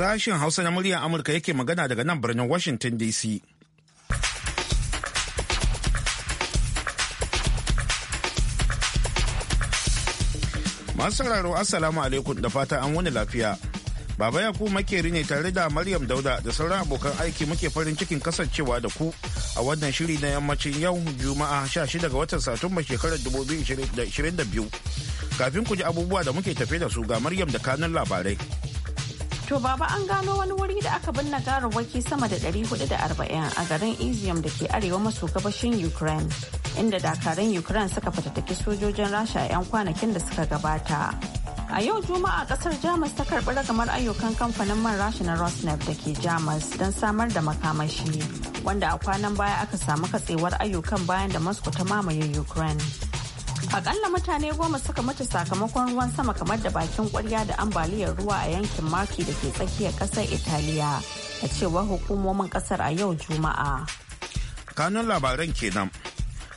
Sashen Hausa na muryar Amurka yake magana daga nan birnin Washington DC. Masu sauraro Assalamu alaikum da fata an wani lafiya. Baba Yaku makeri ne tare da Maryam Dauda da sauran abokan aiki muke farin cikin kasancewa da ku a wannan shiri na yammacin yau Juma'a 16 ga watan Satumba shekarar 2022. Kafin ku ji abubuwa da muke tafe da su ga Maryam da kanun labarai. To baba an gano wani wuri da aka binne garawaki sama da 440 a garin Izium da ke arewa maso gabashin Ukraine inda dakarun Ukraine suka fatattaki sojojin Rasha a 'yan kwanakin da suka gabata. A yau Juma'a kasar Jamus ta karbi ragamar ayyukan kamfanin man Rasha na Rosneft da ke Jamus don samar da makamashi wanda a kwanan baya aka samu katsewar ayyukan bayan da Moscow ta mamaye Ukraine. Akalla mutane goma suka mutu sakamakon ruwan sama kamar da bakin kwarya da ambaliyar ruwa a yankin maki da ke tsakiyar kasar Italiya a cewar hukumomin kasar a yau Juma'a. Kanun labaran kenan.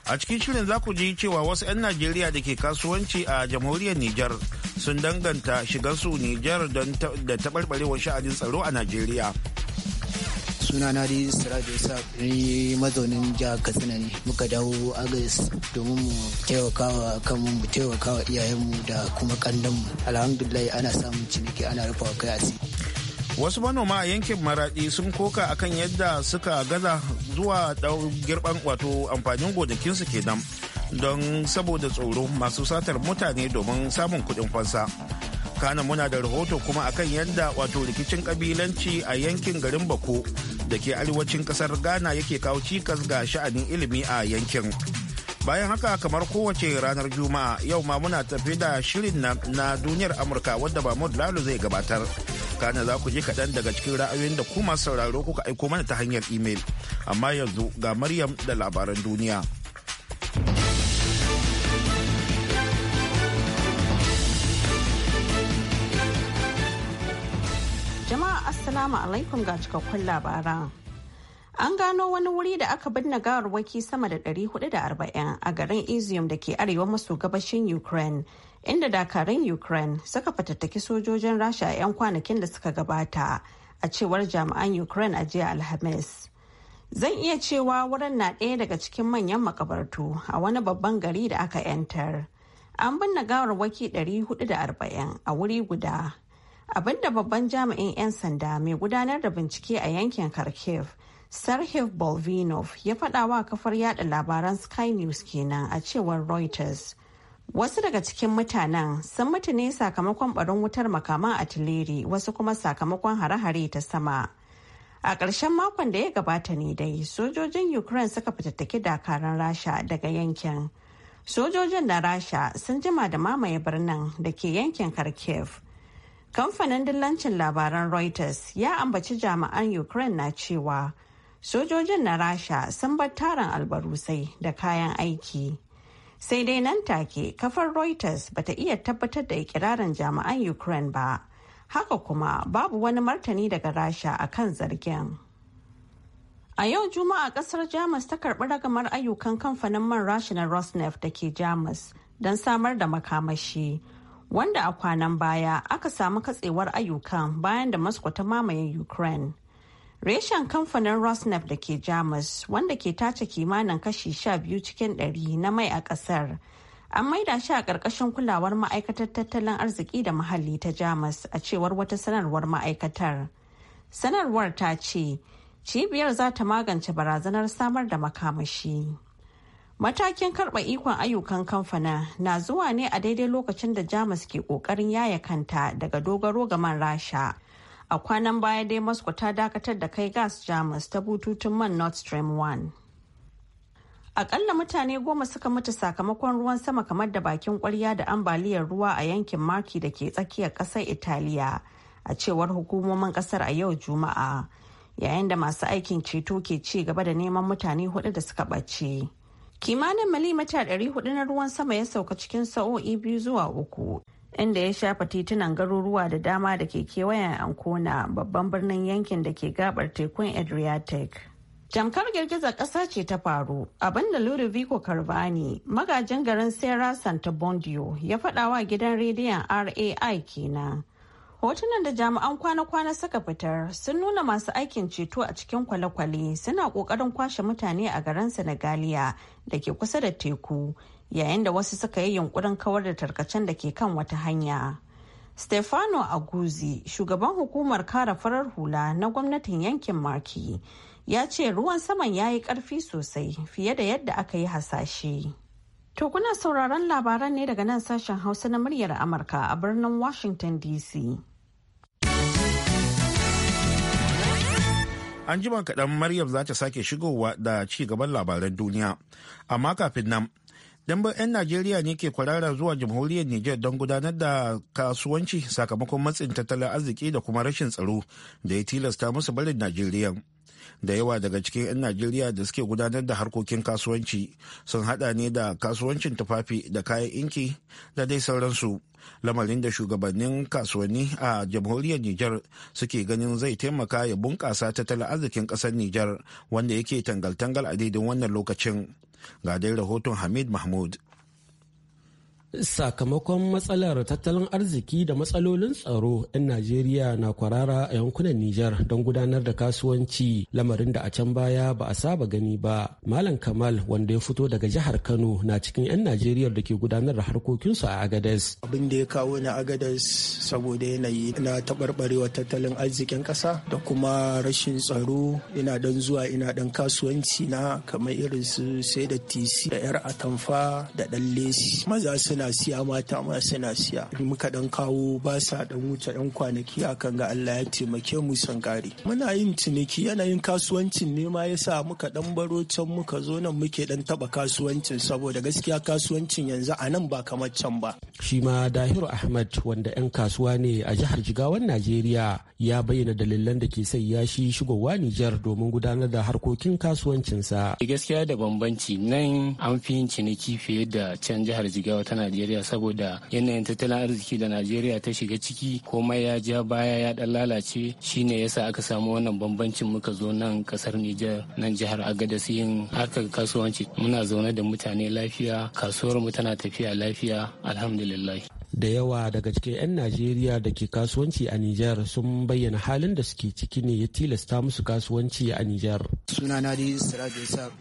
A cikin shirin za ku ji cewa wasu 'yan Najeriya da ke kasuwanci a jamhuriyar Nijar sun danganta shigar su Nijar da taɓarɓarewar sha'anin tsaro a Najeriya. suna na sara da sa ni mazaunin jihar katsina ne muka dawo agus domin mu taimakawa kanmu mu taimakawa iyayenmu da kuma mu alhamdulillah ana samun ciniki ana rufa kai kayasi. wasu manoma a yankin maraɗi sun koka akan yadda suka gaza zuwa ɗau girban wato amfanin gonakinsu kenan don saboda tsoro masu satar mutane domin samun kuɗin fansa kana muna da rahoto kuma akan yadda wato rikicin kabilanci a yankin garin bako da ke arewacin kasar ghana yake kawo cikas ga sha'anin ilimi a yankin bayan haka kamar kowace ranar juma'a yau ma muna tafi da shirin na, duniyar amurka wadda mahmud lalo zai gabatar kana za ku ji kaɗan daga cikin ra'ayoyin da kuma sauraro kuka aiko mana ta hanyar imel amma yanzu ga maryam da labaran duniya. Assalamu alaikum ga cikakkun labaran. An gano wani wuri da aka binne gawarwaki sama da 440 a garin Izium da ke arewa maso gabashin Ukraine, inda dakarun Ukraine suka fatattaki sojojin Rasha a 'yan kwanakin da suka gabata, a cewar jami'an Ukraine a jiya Alhamis. Zan iya cewa wurin na ɗaya daga cikin manyan makabartu a wani babban gari da aka 'yantar. An binne gawarwaki 440 a wuri guda abinda babban jami'in 'yan sanda mai gudanar da bincike a yankin kharkiv sarhev Bolvinov ya faɗa wa kafar yada labaran Sky News kenan a cewar Reuters. Wasu daga cikin mutanen sun mutu ne sakamakon barin wutar makaman atileri wasu kuma sakamakon hare-hare ta sama. A ƙarshen makon da ya gabata ne dai sojojin Ukraine suka fitattaki dakaran Rasha daga yankin. Sojojin na Rasha sun jima da mamaye birnin da ke yankin Kharkiv. Kamfanin dillancin labaran Reuters ya ambaci jami'an Ukraine na cewa sojojin na Rasha sun bar tarin albarusai da kayan aiki. Sai dai nan take kafar Reuters bata iya tabbatar da ikirarin jami'an Ukraine ba. Haka kuma babu wani martani daga Rasha akan zargin. A yau Juma'a kasar Jamus ta karbi ragamar ayyukan kamfanin man rasha na Rosneft da ke Jamus don samar da makamashi wanda a kwanan baya aka samu katsewar ayyukan bayan da Moscow ta mamaye Ukraine. Reshen kamfanin Rosneft da ke Jamus wanda ke tace kimanin kashi sha biyu cikin ɗari na mai a ƙasar. An maida shi a ƙarƙashin kulawar ma'aikatar tattalin arziki da muhalli ta Jamus a cewar wata sanarwar ma'aikatar. Sanarwar ta ce, cibiyar za ta magance barazanar samar da makamashi. Matakin karɓa ikon ayyukan kamfana na zuwa ne a daidai lokacin da Jamus ke ƙoƙarin yaya kanta daga dogaro ga man Rasha. A kwanan baya dai Moscow ta dakatar da kai gas Jamus ta bututun man Nord Stream 1. Akalla mutane goma suka mutu sakamakon ruwan sama kamar da bakin kwarya da ambaliyar ruwa a yankin Maki da ke tsakiyar ƙasar Italiya a cewar hukumomin ƙasar a yau Juma'a yayin da masu aikin ceto ke ci gaba da neman mutane hudu da suka ɓace. kimanin milimita 400 na ruwan sama ya sauka cikin sa'o'i biyu zuwa uku inda ya shafa titunan garuruwa da dama da ke kewayen ankona babban birnin yankin da ke gabar tekun adriatic jamkar girgizar ƙasa ce ta faru abinda ludovico carvani magajin garin sierra santa bondio ya faɗawa gidan rediyon rai kenan Hotunan da jami'an kwana-kwana suka fitar sun nuna masu aikin ceto a cikin kwale-kwale suna kokarin kwashe mutane a garin Senegaliya da ke kusa da teku yayin da wasu suka yi yunkurin kawar da tarkacen da ke kan wata hanya. Stefano Aguzi, shugaban hukumar kara farar hula na gwamnatin yankin marki ya ce ruwan saman ya yi karfi sosai fiye da yadda aka yi hasashe. To kuna sauraron labaran ne daga nan sashen Hausa na muryar Amurka a birnin Washington DC. An jima kaɗan Maryam za ta sake shigowa da ci gaban labaran duniya. Amma kafin nan, dambar 'yan Najeriya ne ke kwarara zuwa jamhuriyar Nijar don gudanar da kasuwanci sakamakon matsin tattalin arziki da kuma rashin tsaro da ya tilasta musu barin Najeriya. da yawa daga cikin 'yan najeriya da suke gudanar da harkokin kasuwanci sun hada ne da kasuwancin tufafi da kayan inki da dai sauransu lamarin da shugabannin kasuwanni a jamhuriyar Nijar suke ganin zai taimaka ya bunƙasa tattalin arzikin ƙasar Nijar wanda yake tangal-tangal a daidai wannan lokacin ga dai rahoton hamid mahmud Sakamakon matsalar tattalin arziki da matsalolin tsaro 'yan Najeriya na kwarara a yankunan Nijar don gudanar da kasuwanci lamarin da a can baya ba a saba gani ba. Malam Kamal wanda ya fito daga jihar Kano na cikin 'yan Najeriya da ke gudanar da harkokinsu a Agadez. Abin da ya kawo ni Agadez saboda yanayi na taɓarɓarewa tattalin arzikin ƙasa da kuma rashin tsaro ina dan zuwa ina dan kasuwanci na kamar irin su sai da tisi da 'yar atamfa da ɗan lesi. Maza suna suna siya mata ma suna siya muka dan kawo ba sa dan wuce yan kwanaki akan ga Allah ya taimake mu san muna yin ciniki yanayin kasuwancin ne ma yasa muka dan baro can muka zo nan muke dan taba kasuwancin saboda gaskiya kasuwancin yanzu a nan ba kamar can ba shi ma Dahiru Ahmad wanda yan kasuwa ne a jihar Jigawan Najeriya ya bayyana dalilan da ke sanya shi shigowa Nijar domin gudanar da harkokin kasuwancinsa gaskiya da bambanci nan an fi yin ciniki fiye da can jihar Jigawa tana najeriya saboda yanayin tattalin arziki da najeriya ta shiga ciki komai ya ja baya ya dan lalace shine yasa aka samu wannan bambancin muka zo nan kasar nijar nan jihar agadas yin harkar kasuwanci muna zaune da mutane lafiya kasuwar mu tana tafiya lafiya alhamdulillah da yawa daga cikin 'yan najeriya da ke kasuwanci a nijar sun bayyana halin da suke ciki ne ya tilasta musu kasuwanci a nijar sunana dai siraj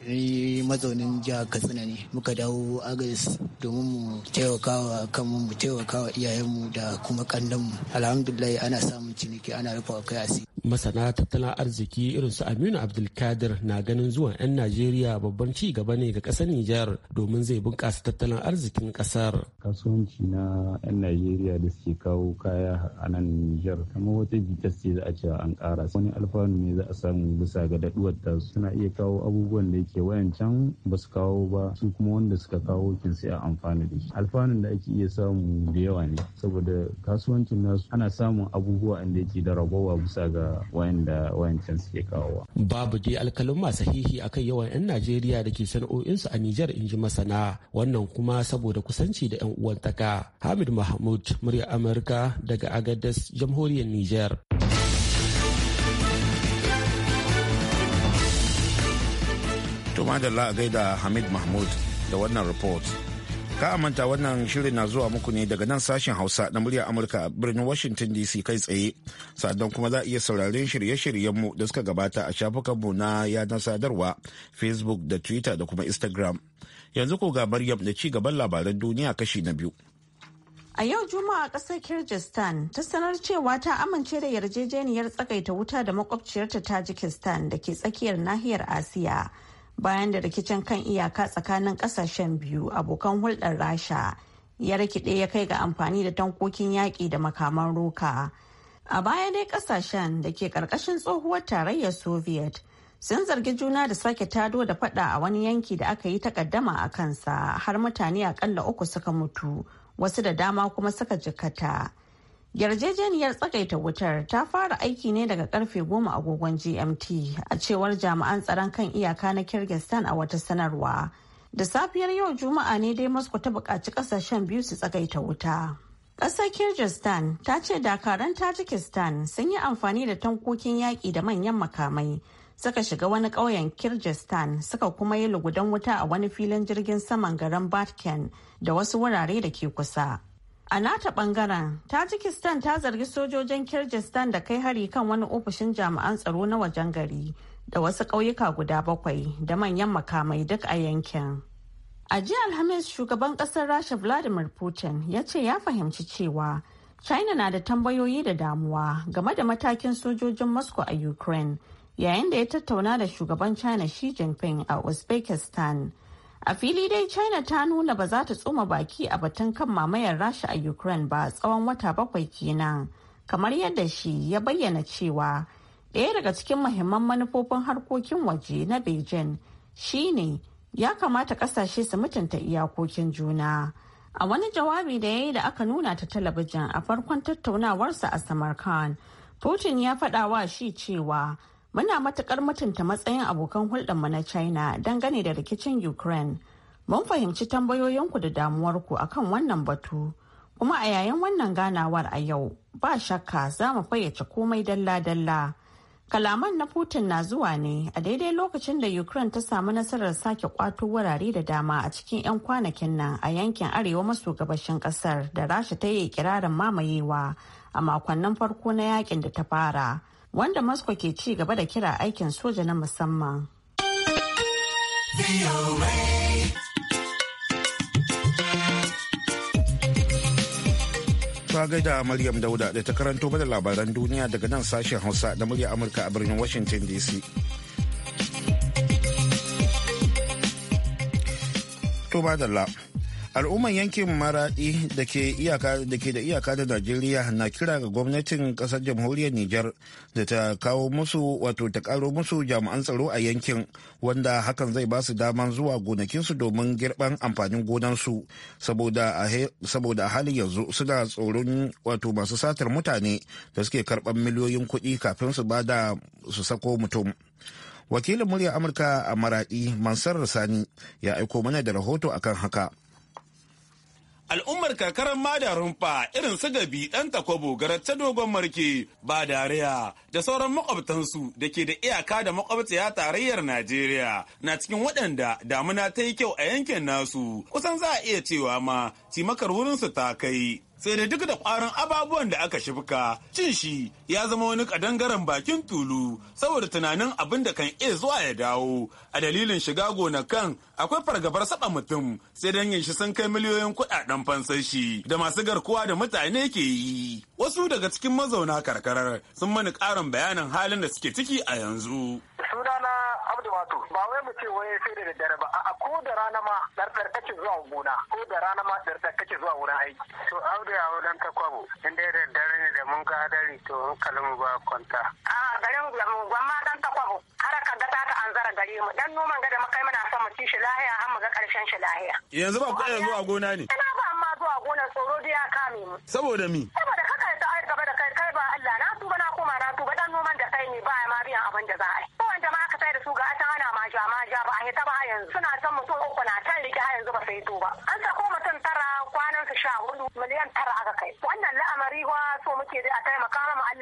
ni mazaunin jiha katsina ne muka dawo agis domin mu taimakawa kanmu mu taimakawa iyayenmu da kuma kandanmu alhamdulillah ana samun ciniki ana rufa kai asiri masana tattalin arziki irin su aminu abdulkadir na ganin zuwan 'yan najeriya babban ci gaba ne ga kasar nijar domin zai bunkasa tattalin arzikin kasar kasuwanci na 'yan najeriya da suke kawo kaya a nan nijar kamar wata bitas ce za a cewa an kara wani alfanu ne za a samu bisa ga daduwar ta suna iya kawo abubuwan da yake can ba su kawo ba su kuma wanda suka kawo kin sai a amfani da shi alfanun da ake iya samu da yawa ne saboda kasuwancin nasu ana samun abubuwa inda yake da rabawa bisa ga wayanda wayancan suke kawowa. Babu dai alkalin sahihi a kan yawan 'yan Najeriya da ke sana'o'insu a Nijar in ji masana wannan kuma saboda kusanci da 'yan uwantaka. Hamid Mahmud murya Amurka daga agadas jamhuriyar Nijar. da madalla gaida Hamid Mahmud da wannan report. ka manta wannan shirin na zuwa muku ne daga nan sashen hausa na murya amurka a birnin washington dc kai tsaye sannan kuma za a iya sauraren shirye-shiryenmu da suka gabata a shafukanmu na yanar sadarwa facebook da twitter da kuma instagram yanzu ko ga maryam da ci gaban labaran duniya kashi na biyu A yau Juma'a kasar Kyrgyzstan ta sanar cewa ta amince da yarjejeniyar tsagaita wuta da makwabciyarta Tajikistan da ke tsakiyar nahiyar Asiya bayan da rikicin kan iyaka tsakanin kasashen biyu abokan hulɗar rasha ya rikide ya kai ga amfani da tankokin yaƙi da makaman roka a baya dai kasashen da ke ƙarƙashin tsohuwar tarayyar soviet sun zargi juna da sake tado da fada a wani yanki da aka yi takaddama a kansa har mutane akalla uku suka mutu wasu da dama kuma suka jikata yarjejeniyar tsagaita wutar ta fara aiki ne daga karfe goma agogon gmt a cewar jami'an tsaron kan iyaka na kyrgyzstan a wata sanarwa da safiyar yau juma'a ne dai moscow ta buƙaci ƙasashen biyu su tsagaita wuta ƙasar kyrgyzstan ta ce dakaran tajikistan sun yi amfani da tankokin yaƙi da manyan makamai suka shiga wani ƙauyen kyrgyzstan suka kuma yi lugudan wuta a wani filin jirgin saman garin batken da wasu wurare da ke kusa A nata bangaren, Tajikistan ta zargi sojojin kyrgyzstan da kai hari kan wani ofishin jami'an tsaro na wajen gari da wasu ƙauyuka guda bakwai da manyan makamai duk a yankin. A jiya Alhamis shugaban ƙasar Rasha Vladimir Putin ya ce ya fahimci cewa China na da tambayoyi da damuwa game da matakin sojojin Moscow a Ukraine yayin da ya tattauna da shugaban China Xi Jinping a Uzbekistan. a fili dai china ta nuna ba za ta tsoma baki a batun kan mamayar rasha a ukraine ba tsawon wata bakwai kenan kamar yadda shi ya bayyana cewa ɗaya daga cikin mahimman manufofin harkokin waje na beijing shine ya kamata kasashe su mutunta iyakokin juna a wani jawabi da ya yi da aka nuna ta talabijin a farkon tattaunawarsa a samarkand putin ya faɗa wa shi cewa muna matukar mutunta matsayin abokan hulɗarmu na china dangane da rikicin ukraine mun fahimci tambayoyinku da damuwarku akan wannan batu kuma a yayin wannan ganawar a yau ba shakka za mu fayyace komai dalla-dalla kalaman na putin na zuwa ne a daidai lokacin da ukraine ta samu nasarar sake kwato wurare da dama a cikin 'yan kwanakin nan a yankin arewa maso gabashin kasar da rasha ta yi kirarin mamayewa a makonnin farko na yakin da ta fara wanda Moscow ke ci gaba da kira aikin soja na musamman. Ta gaida Maryam Dauda da ta karanto bada labaran duniya daga nan sashen Hausa da murya Amurka a birnin Washington DC. To ba da al'umman yankin maradi da ke da iyaka da najeriya na kira ga gwamnatin kasar jamhuriyar niger da ta kawo musu wato ta karo musu jami'an tsaro a yankin wanda hakan zai ba su daman zuwa gonakinsu domin girban amfanin gonansu saboda a halin yanzu suna tsoron wato masu satar mutane da suke karban miliyoyin kuɗi kafin su bada su sako mutum wakilin murya amurka a maradi mansar sani ya aiko mana da rahoto akan haka al'ummar karkarar mada rumfa irin su gabi dan takwabo garar ta dogon marke ba dariya da sauran makwabtansu da ke da iyaka da makwabciya tarayyar najeriya na cikin waɗanda damuna ta yi kyau a yankin nasu kusan za a iya cewa ma cimakar wurinsu ta kai sai da duk da kwarin ababuwan da aka shifka cin shi ya zama wani kadangaren bakin tulu saboda tunanin abin da kan iya zuwa ya dawo a dalilin shiga gonakan akwai fargabar saba mutum sai dan yin shi sun kai miliyoyin kuɗaɗen fansashi da masu garkuwa da mutane ke yi. Wasu daga cikin mazauna karkarar sun mani karin bayanin halin da suke ciki a yanzu. Sunana Abdu Mato, ba wai mu ce wai sai da daddare ba, a ko da rana ma ɗarɗar zuwa gona, ko da rana ma ɗarɗar zuwa wurin aiki. To Abdu ya wurin ta kwabo, in daddare ne da mun ga hadari to kalmu ba kwanta. A garin gwamma gare mu dan noman gada mu kai muna son mu ci shi lahiya har mu ga karshen shi lahiya yanzu ba ku zuwa gona ne ina ba amma zuwa gona tsoro da ya kame mu saboda mi saboda kaka ta ai gaba da kai kai ba Allah na tuba na koma na tuba dan noman da kai ne ba ma biyan abin da za a yi ko wanda ma aka sai da su ga ta ana ma ja ma ja ba a yi ta ba yanzu suna son mutum uku na tan rike har yanzu ba sai to ba an sako mutum tara kwanan sa sha hudu miliyan tara aka kai wannan la'amari wa so muke da a taimaka mu Allah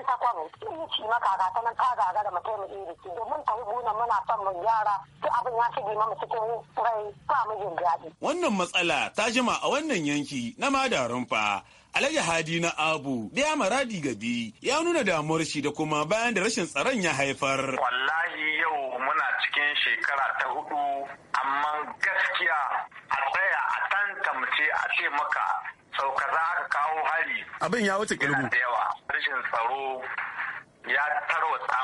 nan ta yi ci maka ga ta nan ta gagara mu iri ki domin ta hubu nan muna son mun yara ki abin ya shige mamu cikin rai ba mu jin daɗi. Wannan matsala ta jima a wannan yanki na madarin fa. Alhaji Hadi na Abu da ya maradi gabi ya nuna damuwar shi da kuma bayan da rashin tsaron ya haifar. Wallahi yau muna cikin shekara ta hudu amma gaskiya a tsaya a tantamce a ce maka sau kaza aka kawo hari. Abin ya wuce Yana da yawa. rashin tsaro ya tarwatsa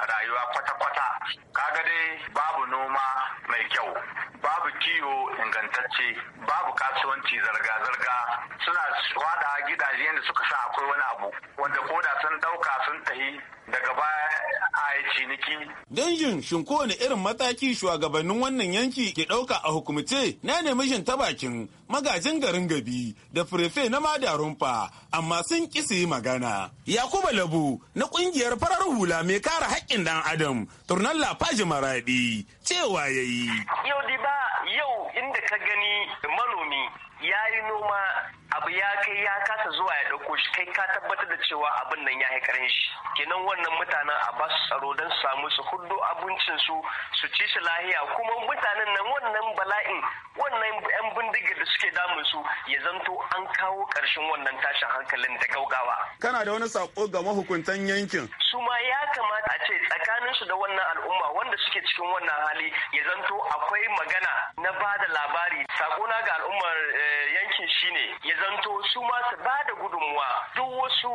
a rayuwa kwata-kwata kaga dai babu noma mai kyau babu kiwo ingantacce babu kasuwanci zarga-zarga suna wada gidaje yadda suka sa akwai wani abu wanda koda sun dauka sun tahi daga baya a ciniki. Danjin shin kowane irin mataki shugabannin wannan yanki ke ɗauka a hukumce na nemi shin ta bakin magajin garin gabi da firefe na madarunfa amma sun ƙi yi magana. Yakuba Labu na ƙungiyar farar hula mai kare haƙƙin ɗan adam turnan lafaji maraɗi cewa ya yi. Yau ba yau inda ka gani manomi ya yi noma abu ya kai ya kasa zuwa ya ɗauko shi kai ka tabbatar da cewa abin nan ya haikarin shi kenan wannan mutanen a basu tsaro don su samu su hudu abincin su su ci shi lahiya kuma mutanen nan wannan bala'in wannan yan bindiga da suke damun su ya zanto an kawo ƙarshen wannan tashin hankalin da gaugawa kana da wani sako ga mahukuntan yankin su ma ya kamata a ce tsakanin su da wannan al'umma wanda suke cikin wannan hali ya zanto akwai magana na ba da labari sako ga al'ummar eh, yankin shine ya zanto su ma su ba da gudunmuwa duk wasu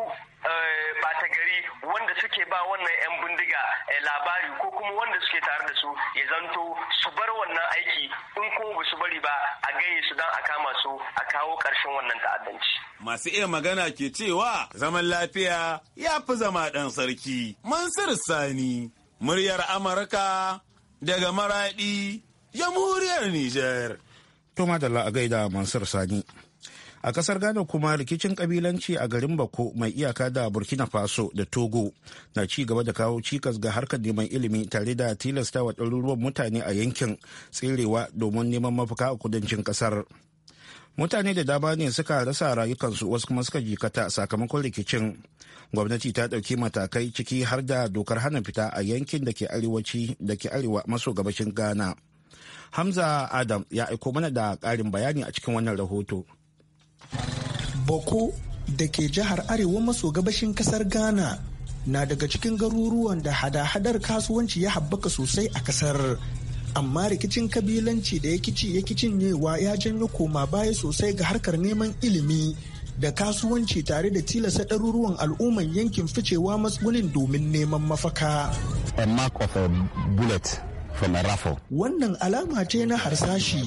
bata eh, gari wanda suke ba wannan 'yan bindiga eh, labari ko kuma wanda suke tare da su ya zanto su bar wannan aiki in ko ba su bari ba a gaye su don a kama su a kawo karshen wannan ta'addanci. Masu iya magana ke cewa zaman lafiya ya fi zama ɗan sarki. Mansur Sani, muryar Amurka daga Maraɗi, jamhuriyar Nijar. To madalla a gaida Mansur Sani. a kasar ghana kuma rikicin kabilanci a garin bako mai iyaka da burkina faso da togo na ci gaba da kawo cikas ga harkar neman ilimi tare da tilasta wa ɗaruruwan mutane a yankin tserewa domin neman mafaka a kudancin kasar mutane da dama ne suka rasa rayukansu wasu kuma suka jikata sakamakon rikicin gwamnati ta ɗauki matakai ciki har da dokar hana fita a yankin da ke arewaci da ke arewa maso gabashin ghana hamza adam ya aiko mana da ƙarin bayani a cikin wannan rahoto boko da ke jihar arewa maso gabashin kasar ghana na daga cikin garuruwan da hada-hadar kasuwanci ya habbaka sosai a kasar amma rikicin kabilanci da ya kici ya cinyewa ya janyo koma baya sosai ga harkar neman ilimi da kasuwanci tare da tilasta ɗaruruwan al'umman yankin ficewa matsugunin domin neman mafaka. a mark of a bullet from a raffle. Wannan alama ce na harsashi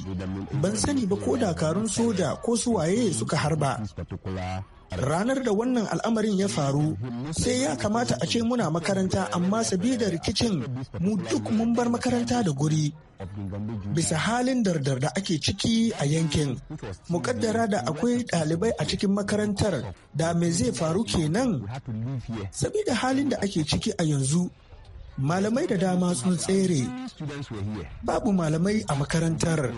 ban sani ba ko dakarun soja ko su waye suka harba. Ranar da wannan al'amarin ya faru sai ya kamata a ce muna makaranta amma sabida rikicin mu duk mun bar makaranta da guri. Bisa halin dardar da ake ciki a yankin, mukaddara da akwai ɗalibai a cikin makarantar da me zai faru kenan? Sabida halin da ake ciki a yanzu malamai da dama sun tsere babu malamai a makarantar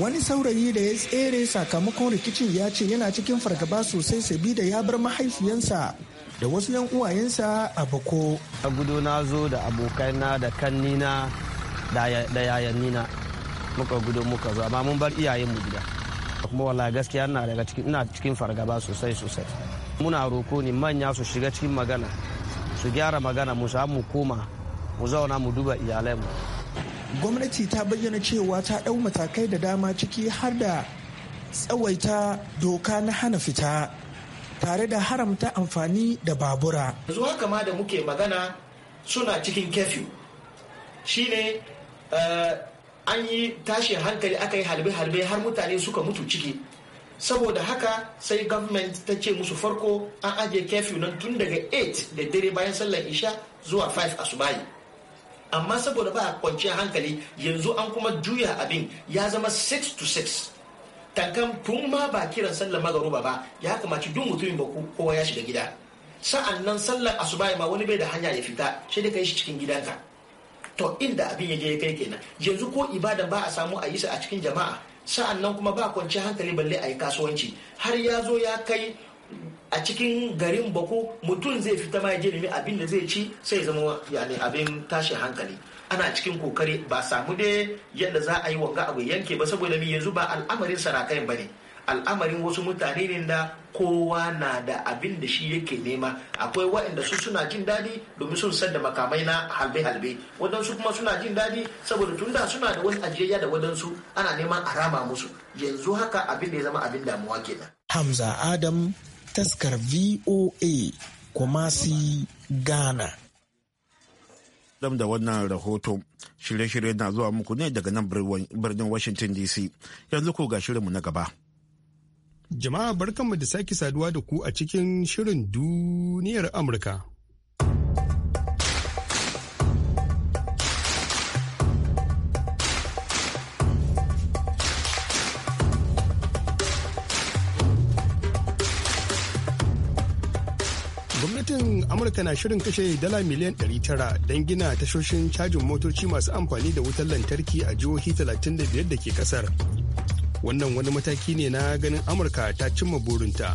wani saurayi da ya tsere sakamakon rikicin ya ce yana cikin fargaba sosai sabida ya bar mahaifiyansa da wasu yan uwayensa a bako a gudu na zo da abokaina da kannina da yayannina muka gudu muka zo amma mun bar iyayenmu gida kuma wallahi gaskiya ina daga cikin ina cikin fargaba sosai sosai muna roko ne manya su shiga cikin magana su gyara magana mu samu koma mu zauna mu duba iyalai mu gwamnati ta bayyana cewa ta ɗau matakai da dama ciki har da tsawaita doka na hana fita tare da haramta amfani da babura zuwa kama da muke magana suna cikin kefi shine eh, an yi tashin hankali aka yi halbe-halbe har mutane suka mutu ciki saboda haka sai government ta ce musu farko an ajiye curfew nan tun daga 8 da dare bayan sallar isha zuwa 5 asubahi amma saboda ba kwanciyar hankali yanzu an kuma juya abin ya zama 6 to 6 tankan tun ma ba kiran sallar magaruba ba ya kamaci duk mutumin ba kowa ya shiga gida sa'an nan sallar asubahi ma wani bai da hanya ya fita sai ka kai shi cikin gidanka to inda abin ya je ya kai kenan yanzu ko ibada ba a samu a yi sa a cikin jama'a sa'an nan kuma ba kwanci hankali balle a yi kasuwanci har ya zo ya kai a cikin garin bako mutum zai fita ma je nemi abin da zai ci sai zama yani abin tashi hankali ana cikin kokari ba samu dai yadda za a yi wanga abu yanke ba saboda mi yanzu ba al'amarin sarakai ba ne al'amarin wasu mutane ne da kowa na da abin da shi yake nema akwai waɗanda su suna jin daɗi domin sun san da makamai na halbe-halbe waɗansu kuma suna jin daɗi saboda tun da suna da wani ajiyayya da waɗansu ana neman a rama musu yanzu haka abin da ya zama abin damuwa kenan. hamza adam taskar voa kumasi ghana dam da wannan rahoto shirye-shirye na zuwa muku ne daga nan birnin washington dc yanzu ko ga shirinmu na gaba. Jama'a barkanmu da sake saduwa da ku a cikin shirin duniyar Amurka. Gwamnatin Amurka na shirin kashe dala miliyan 900 don gina tashoshin cajin motoci masu amfani da wutar lantarki a jihohi 35 da ke kasar. wannan wani mataki ne na ganin amurka ta cimma burinta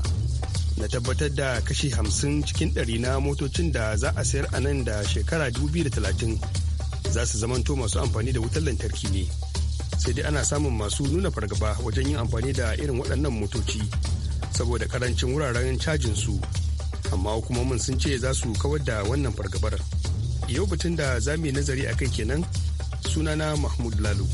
na tabbatar da kashi hamsin cikin ɗari na motocin da za a sayar a nan da shekara 2030 za su zamanto masu amfani da wutar lantarki ne sai dai ana samun masu nuna fargaba wajen yin amfani da irin waɗannan motoci saboda karancin wuraren cajin su amma hukumomin sun ce za su kawar da wannan fargabar yau batun da za mu yi nazari a kai kenan sunana mahmud lalu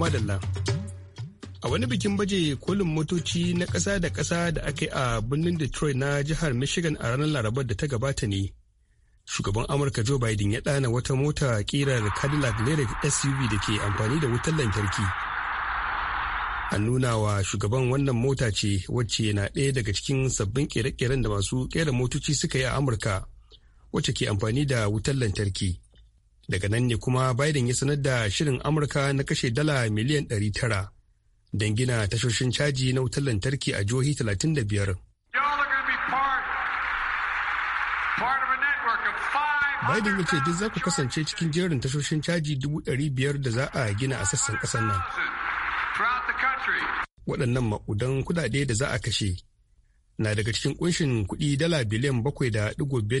madalla. A wani bikin baje kolin motoci na ƙasa da ƙasa da aka yi a birnin Detroit na jihar Michigan a ranar Larabar da ta gabata ne. Shugaban Amurka Joe Biden ya ɗana wata mota ƙirar Cadillac Lyric SUV da ke amfani da wutar lantarki. An nuna wa shugaban wannan mota ce wacce na ɗaya daga cikin sabbin ƙere-ƙeren da masu ƙera motoci suka yi a Amurka wacce ke amfani da wutar lantarki. daga nan ne kuma biden ya sanar da shirin amurka na kashe dala miliyan 900 don gina tashoshin caji na wutar lantarki a jihohi 35 Biden ya ce duk za ku kasance cikin jerin tashoshin caji biyar da za a gina a sassan kasar nan. Waɗannan maƙudan kuɗaɗe da za a kashe na daga cikin kunshin kuɗi dala biliyan bakwai da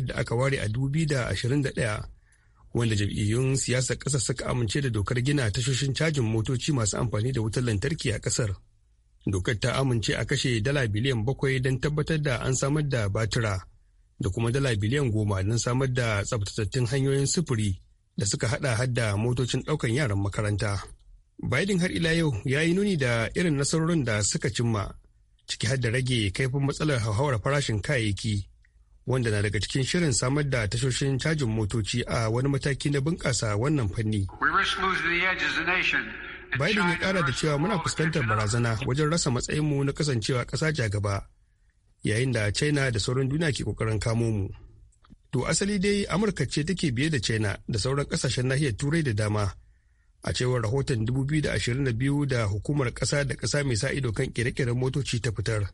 da aka ware a dubi wanda jam'iyyun siyasar ƙasa suka amince da dokar gina tashoshin cajin motoci masu amfani da wutar lantarki a ƙasar. Dokar ta amince a kashe dala biliyan bakwai don tabbatar da an samar da batira da kuma dala biliyan goma don samar da tsabtatattun hanyoyin sufuri da suka hada hadda motocin ɗaukan yaran makaranta. Biden har ila yau ya yi nuni da irin nasarorin da suka cimma ciki har da rage kaifin matsalar hauhawar farashin kayayyaki wanda na daga cikin shirin samar da tashoshin cajin motoci a wani mataki na bunƙasa wannan fanni. Biden ya kara da cewa muna fuskantar barazana wajen rasa matsayinmu na kasancewa ƙasa jagaba gaba yayin da China da sauran duniya ke ƙoƙarin kamo mu. To asali dai Amurka ce take biye da China da sauran kasashen nahiyar Turai da dama. A cewar rahoton 2022 da hukumar ƙasa da kasa mai sa ido kan ƙere-ƙeren motoci ta fitar.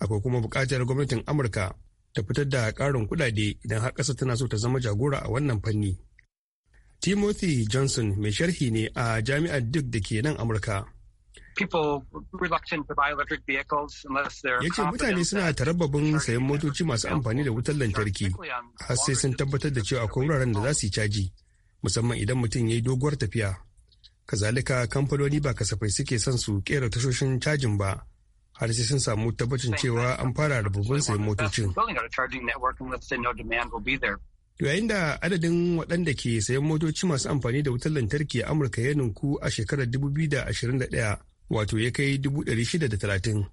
Akwai kuma buƙatar gwamnatin Amurka ta fitar da ƙarin kuɗaɗe idan har ƙasa tana so ta zama jagora a wannan fanni. Timothy Johnson mai sharhi ne a jami'ar Duke da ke nan Amurka. Ya ce mutane suna tarabbabin sayan motoci masu amfani da wutar lantarki har sai sun tabbatar da cewa akwai wuraren da za su yi caji musamman idan mutum ya yi doguwar tafiya. Kazalika kamfanoni ba kasafai suke son su kera tashoshin cajin ba har sai sun samu tabbacin cewa an fara da sayan motocin. Yayin da adadin waɗanda ke sayan motoci masu amfani da wutar lantarki a Amurka ya ninku a shekarar 2021 wato ya kai 630.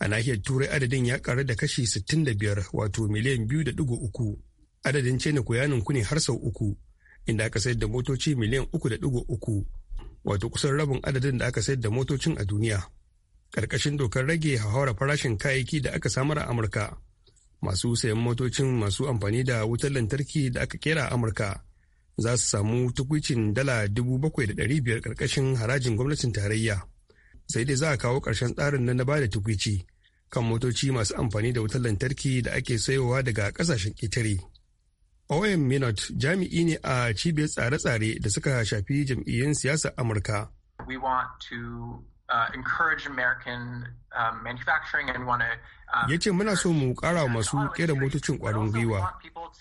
A nahiyar Turai adadin ya ƙaru da kashi 65 wato miliyan 2.3. Adadin China ku ya ninku ne har sau uku, inda aka sayar da motoci miliyan 3.3 wato kusan rabin adadin da aka sayar da motocin a duniya. ƙarƙashin dokar rage hauhawar farashin kayayyaki da aka samar a amurka masu sayan motocin masu amfani da wutar lantarki da aka kera a amurka za su samu tukwicin dala dubu da biyar ƙarƙashin harajin gwamnatin tarayya sai dai za a kawo ƙarshen tsarin na na ba da tukwici kan motoci masu amfani da wutar lantarki da ake sayowa daga ƙasashen ƙetare. OM Minot jami'i ne a cibiyar tsare-tsare da suka shafi jam'iyyun siyasar Amurka. Uh, encourage American uh, uh, ya ce muna so mu kara masu kera motocin kwarin gwiwa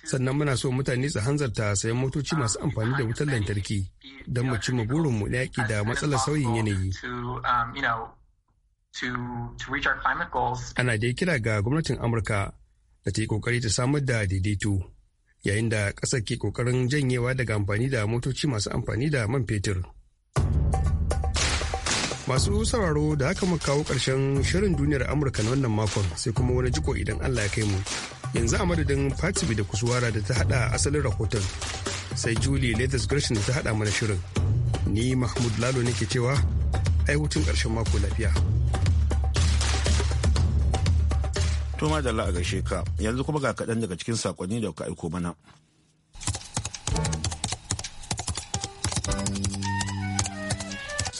sannan muna so mutane su hanzarta sayan motoci uh, masu amfani da wutar lantarki don mu cimma burinmu na yaki da matsalar sauyin yanayi um, ana dai kira ga gwamnatin amurka da ta yi kokari ta samar da daidaito yayin da ƙasar ke kokarin janyewa daga amfani da motoci masu amfani da man fetur. Masu sauraro da aka muka kawo ƙarshen shirin duniyar Amurka na wannan makon sai kuma wani jiko idan Allah ya kai mu. Yanzu a madadin Fatibi da Kusuwara da ta haɗa asalin rahoton sai Julie Latest Gershon da ta hada mana shirin. Ni Mahmud Lalo ke cewa ai hutun ƙarshen mako lafiya. To da a gaishe ka yanzu kuma ga kaɗan daga cikin sakonni da ka aiko mana.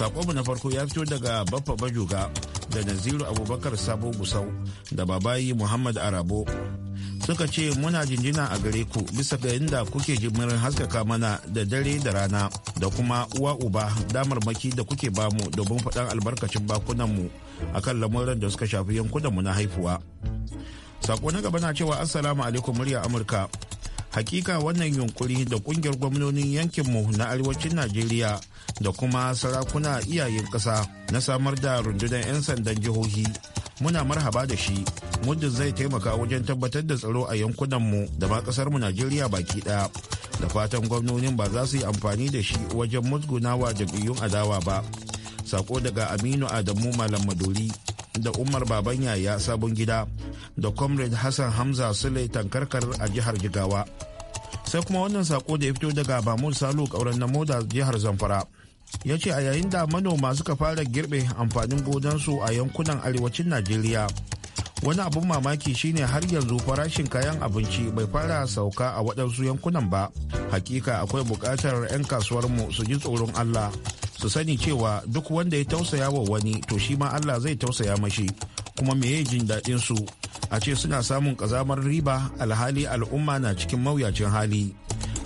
mu na farko ya fito daga baffa bajuga da naziru abubakar sabo gusau da babayi muhammad arabo suka ce muna jinjina a gare ku bisa ga inda kuke jimirin haskaka mana da dare da rana da kuma uwa uba damarmaki da kuke bamu domin faɗan albarkacin bakunanmu akan lamuran da suka shafi yankunanmu na haifuwa sako na gaba na cewa assalamu alaikum murya amurka hakika wannan yunkuri da kungiyar gwamnonin yankinmu na arewacin najeriya da kuma sarakuna iyayen ƙasa na samar da rundunar 'yan sandan jihohi muna marhaba da shi muddin zai taimaka wajen tabbatar da tsaro a yankunanmu da ma ƙasarmu najeriya baki ɗaya da fatan gwamnonin ba za su yi amfani da shi wajen musgunawa jam'iyyun adawa ba sako daga aminu adamu malam maduri da umar baban yaya sabon gida da comrade hassan hamza sule tankarkar a jihar jigawa sai kuma wannan sako da ya fito daga bamul salu kauran na moda jihar zamfara ya ce a yayin da manoma suka fara girbe amfanin godansu a yankunan arewacin najeriya wani abun mamaki shine har yanzu farashin kayan abinci bai fara sauka a waɗansu yankunan ba hakika akwai buƙatar 'yan kasuwarmu su ji tsoron allah su sani cewa duk wanda ya tausaya wa wani to shi ma Allah zai tausaya mashi kuma me ya jin daɗin su a ce suna samun ƙazamar riba alhali al'umma na cikin mawuyacin hali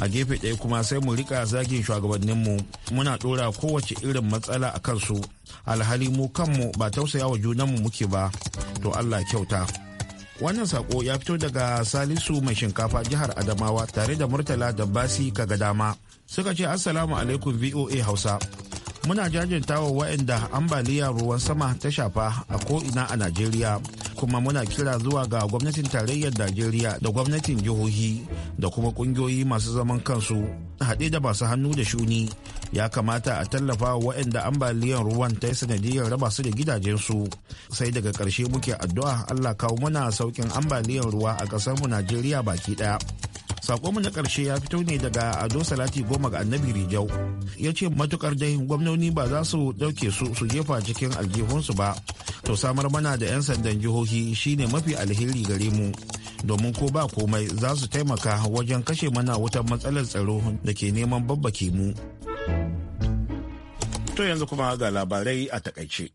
a gefe ɗaya kuma sai mu rika zagin shugabanninmu muna ɗora kowace irin matsala a kansu alhali mu kanmu ba tausaya wa junanmu muke ba to Allah kyauta wannan sako ya fito daga salisu mai shinkafa jihar adamawa tare da murtala da basi ga dama suka ce assalamu alaikum voa hausa muna jajintawa waɗanda ambaliya ruwan sama ta shafa a ko'ina a najeriya kuma muna kira zuwa ga gwamnatin tarayyar najeriya da gwamnatin jihohi da kuma ƙungiyoyi masu zaman kansu haɗe da masu hannu da shuni ya kamata a tallafa wa waɗanda ambaliyar ruwan ta yi sanadiyar raba su da gidajensu sai daga ƙarshe muke addu'a allah kawo muna saukin ambaliyar ruwa a ƙasar mu najeriya baki ɗaya mu na karshe ya fito ne daga Ado Salati Goma ga Annabi Rijau. Ya ce matukar dai gwamnoni ba za su ɗauke su su jefa cikin aljihunsu ba. To samar mana da 'yan sandan jihohi shine mafi alheri gare mu. Domin ko ba komai za su taimaka wajen kashe mana wutar matsalar tsaro da ke neman babbake mu. To yanzu kuma ga labarai a takaice.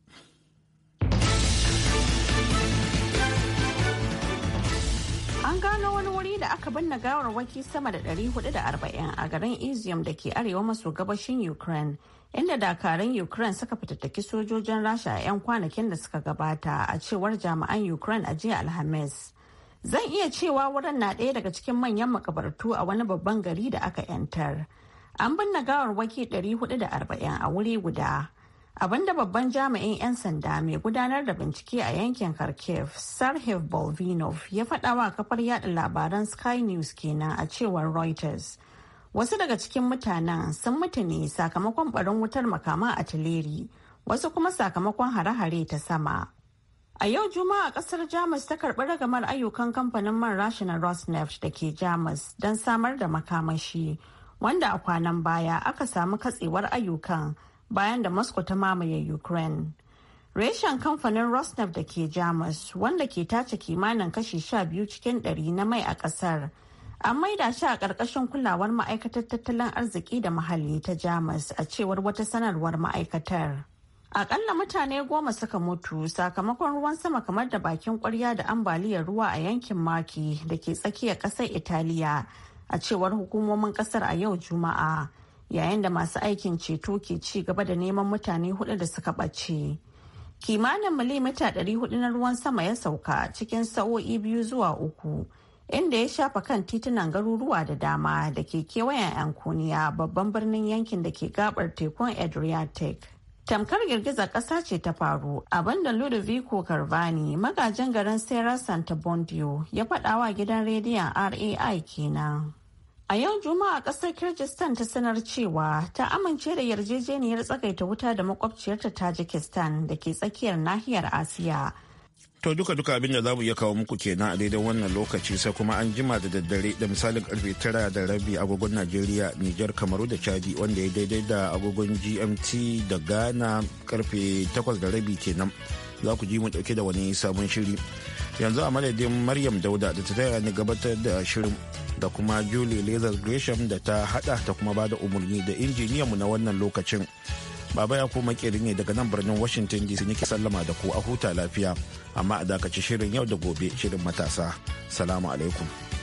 sai da aka binne gawarwaki sama da 440 a garin Izium da ke arewa maso gabashin Ukraine, inda dakarun Ukraine suka fitattaki sojojin Rasha a 'yan kwanakin da suka gabata a cewar jami'an Ukraine a jiya Alhamis. Zan iya cewa wurin na ɗaya daga cikin manyan makabartu a wani babban gari da aka 'yantar. An binne gawarwaki 440 a wuri guda. abinda babban jami'in 'yan sanda mai gudanar da bincike a yankin kharkiv sarhev bolvinov ya faɗa wa kafar yada labaran sky news kenan a cewar reuters wasu daga cikin mutanen sun mutu ne sakamakon barin wutar makaman atileri wasu kuma sakamakon hare-hare ta sama a yau juma'a kasar jamus ta karbi ragamar ayyukan kamfanin man rashin rosneft da ke jamus don samar da makamashi wanda a kwanan baya aka samu katsewar ayyukan bayan da moscow ta mamaye ukraine reshen kamfanin rosneft da ke jamus wanda ke tace kimanin kashi sha biyu cikin ɗari na mai a ƙasar an maida shi a ƙarƙashin kulawar ma'aikatar tattalin arziki da muhalli ta jamus a cewar wata sanarwar ma'aikatar akalla mutane goma suka mutu sakamakon ruwan sama kamar da bakin ƙwarya da ambaliyar ruwa a yankin maki da ke tsakiyar ƙasar italiya a cewar hukumomin ƙasar a yau juma'a yayin da masu aikin ceto ke ci gaba da neman mutane hudu da suka ɓace. Kimanin milimita 400 na ruwan sama ya sauka cikin sa'o'i biyu zuwa uku, inda ya shafa kan titunan garuruwa da dama da ke kewayen yankuniya babban birnin yankin da ke gabar tekun Adriatic. Tamkar girgizar ƙasa ce ta faru abinda Ludovico Carvani magajin garin Sierra Santa Bondio ya faɗawa gidan rediyon RAI kenan. A yau Juma'a kasar Kyrgyzstan ta sanar cewa ta amince da yarjejeniyar tsakaita wuta da makwabciyarta Tajikistan da ke tsakiyar nahiyar Asiya. To duka duka abin da za mu iya kawo muku kenan a daidai wannan lokaci sai kuma an jima da daddare da misalin karfe tara da rabi agogon Najeriya, Nijar, Kamaru da Chadi wanda ya daidai da agogon GMT da Ghana karfe takwas da rabi kenan. za ku ji mu dauke da wani sabon shiri yanzu a madadin maryam dauda da ta taya ni gabatar da shirin da kuma julie lazar gresham da ta hada ta kuma bada umarni da injiniyan mu na wannan lokacin baba ya kuma makeri ne daga nan birnin washington dc nake sallama da ku a huta lafiya amma a dakaci shirin yau da gobe shirin matasa salamu alaikum